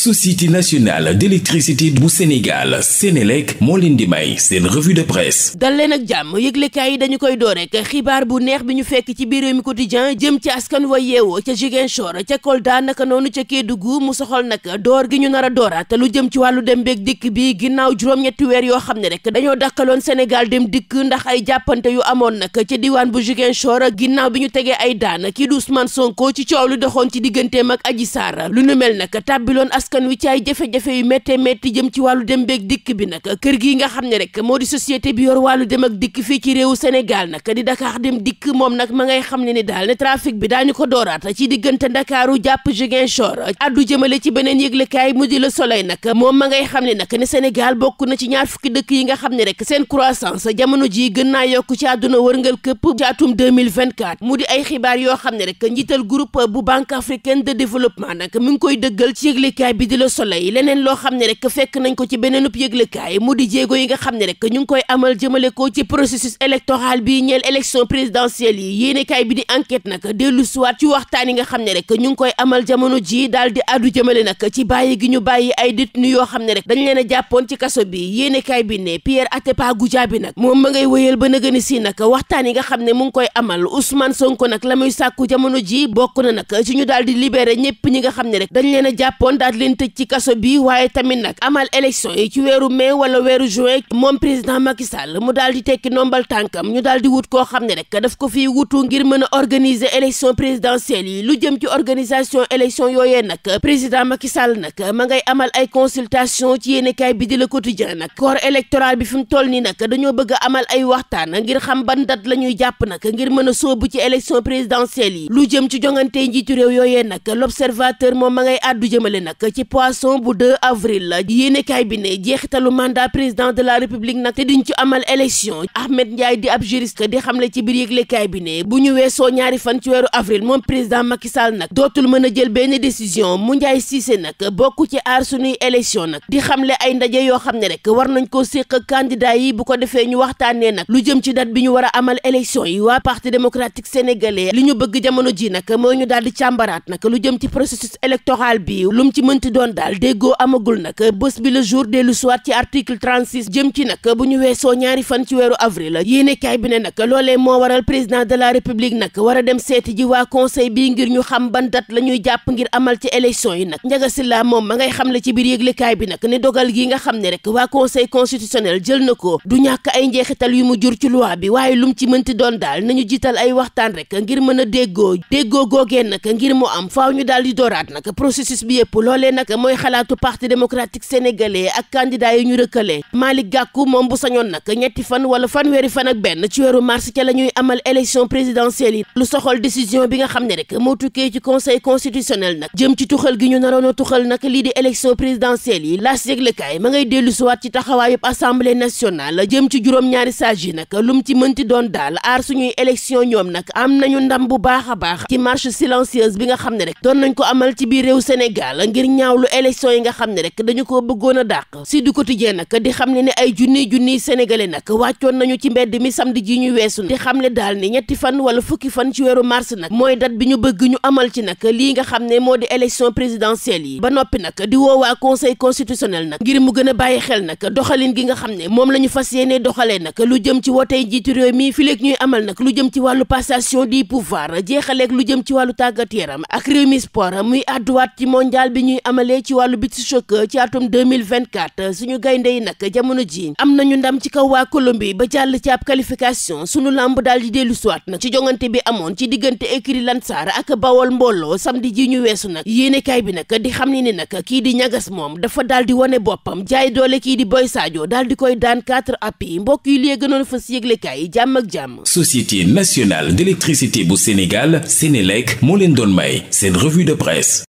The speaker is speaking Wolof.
société nationale d'électricité bu Sénégal Sénélec moo leen di may seen revue de presse dal ak jàmm yëglekaay yi dañu koy door xibaar bu neex bi ñu fekk ci biir Rewmi Quotidien jëm ci askan wa yeewoo ca Ziguinchor ca kol daanaka noonu ca Kédougou mu soxal nag door gi ñu nar a dooraat lu jëm ci wàllu dem beeg dikk bi ginnaaw juróom-ñetti weer yoo xam ne rek dañoo dakkaloon Sénégal dem dikk ndax ay jàppante yu amoon nag ca diwaan bu Ziguinchor ginnaaw bi ñu tegee ay daan kii du Ousmane Sonko ci coow lu doxoon ci digganteem ak Adji askan wi ci ay jafe-jafe yu méttee métti jëm ci wàllu dem beeg dikk bi nag kër gi nga xam ne rek moo di societé bi yor wàllu dem ak dikk fii ci réewu Sénégal nag di Dakar dem dikk moom nag ma ngay xam ne ni daal ne trafic bi daañu ko dooraat ci diggante Ndakaaru jàpp Ziguinchor addu jëmale ci beneen yëglekaay mu di Le Soleil nag moom ma ngay xam ne nag ne Sénégal bokk na ci ñaar fukki dëkk yi nga xam ne rek seen croissance jamono ji gën naa yokk ci àdduna wërngal këpp ci atum 2024 mu di ay xibaar yoo xam ne rek njiital groupe bu Banque africaine de développement nag mu ngi koy dëggal ci yëglekaay bi di la soleil leneen loo xam ne rek fekk nañ ko ci beneenub yëglekaay mu di jéego yi nga xam ne rek ñu ngi koy amal jëmale ko ci processus électoral bi ñeel élection présidentielle yi yéenekaay bi di enquête nag dellu siwaat ci waxtaan yi nga xam ne rek ñu ngi koy amal jamono ji daal di addu jëmale nag ci bàyyi gi ñu bàyyi ay détenu yoo xam ne rek dañ leen a jàppoon ci kaso bi yéenekaay bi ne Pierre Atepa Goudiaby nag moom ma ngay wéyal ba nëgëni sii nag waxtaan yi nga xam ne mu ngi koy amal Ousmane Sonko nag la muy sàkku jamono ji bokk na nag ñu daal di libéré ñëpp nga xam leen tëj ci kaso bi waaye tamit nag amal élection yi ci weeru mai wala weeru juin moom président Macky Sall mu daal di tekki nombal tànkam koo xam ne rek daf ko fiy wutu ngir mën a organiser élection présidentielle yi lu jëm ci organisation élection yooyee nag président Macky Sall nag ma ngay amal ay consultation ci yéenekaay bi di Le Quotidien nag corps électoral bi fi mu toll nii nag dañoo bëgg a amal ay waxtaan ngir xam ban date la ñuy jàpp nag ngir mën a sóobu ci élection présidentielle yi lu jëm ci jongante njiitu réew yooyee nag l'observateur moom ma ngay àddu jëmale nag ci poisson bu 2 avril yéenekaay bi ne jeexitalu mandat président de la république nag te duñ ci amal élection Ahmed Ndiaye di ab juriste di xamle ci biir yëglekaay bi ne bu ñu weesoo ñaari fan ci weeru avril moom président Macky Sall nag dootul mën a jël benn décision mu Ndiaye Cissé nag bokk ci aar suñuy élection nag di xamle ay ndaje yoo xam ne rek war nañ ko séq candidat yi bu ko defee ñu waxtaanee nag lu jëm ci date bi ñu war a amal élection yi waa parti démocratique sénégalais li ñu bëgg jamono ji nag ñu daal di càmbaraat nag lu jëm ci processus électoral bi ci doon daal déggoo amagul nag bés bi le jour dellu soit ci article 36 jëm ci nag bu ñu weesoo ñaari fan ci weeru avril yéenekaay bi ne nag loolee moo waral président de la république nag war a dem seeti ji waa conseil bi ngir ñu xam ban date la ñuy jàpp ngir amal ci élection yi nag Ndiaga Sylla moom ba ngay xam xamle ci biir yëglekaay bi nag ne dogal gi nga xam ne rek waa conseil constitutionnel jël na ko du ñàkk ay njeexital yu mu jur ci loi bi waaye lum ci mënti doon daal nañu jiital ay waxtaan rek ngir mën a déggoo déggoo googee nag ngir mu am faaw ñu daal di dooraat nag processus bi nag mooy xalaatu parti démocratique sénégalais ak candidat yi ñu rëkkale Malick Gakou moom bu sañoon nag ñetti fan wala fanweeri fan ak benn ci weeru mars ca la ñuy amal élection présidentielle yi lu soxol décision bi nga xam ne rek moo tukkee ci conseil constitutionnel nag jëm ci tuxal gi ñu naroon a tuxal nag lii di élection présidentielle yi laas yëglekaay ma ngay dellu suwaat ci taxawaayub assemblée nationale jëm ci juróom-ñaari sages yi nag lu mu ci mënti doon daal aar suñuy élection ñoom nag am nañu ndam bu baax a baax ci marche silencieuse bi nga xam ne rek doon nañ ko amal ci biir réew Sénégal ginnaaw lu élection yi nga xam ne rek dañu ko bëggoon a dàq si du quotidien nag di xam ne ne ay junniy junniy sénégalais nañu ci mbedd mi samedi ji ñu weesu di xam ne daal ni ñetti fan wala fukki fan ci weeru mars nag mooy date bi ñu bëgg ñu amal ci nag lii nga xam ne moo di élection présidentielle yi ba noppi nag di woowaa conseil constitutionnel nag ngir mu gën a bàyyi xel nag doxalin gi nga xam ne moom la ñu fas yéene doxalee nag lu jëm ci wotey jiitu réew mi fileeg ñuy amal nag lu jëm ci wàllu passation du pouvoir jeexaleeg lu jëm ci wàllu tàggat yaram ak réew muy àdduwaat ci mondial bi ñuy amalee ci wàllu bi beach soccer ci atum 2024 suñu gaynde yi nag jamono ji am nañu ndam ci kaw waa Colombie ba jàll ci ab qualification suñu lamb daal di dellu siwaat nag ci jongante bi amoon ci diggante écurie Lansar ak Bawol Mbooloo samedi ji ñu weesu nag yéenekaay bi nag di xam ne ni nag kii di nagas moom dafa daal di wane boppam jaay doole kii di Boy Sadio daal di koy daan 4 appuis mbokk yi lee gënoon fas yëglekaay yi jàmm ak jàmm Société nationale d'électricité bu Sénégal Sénélec moo leen doon may seen revue de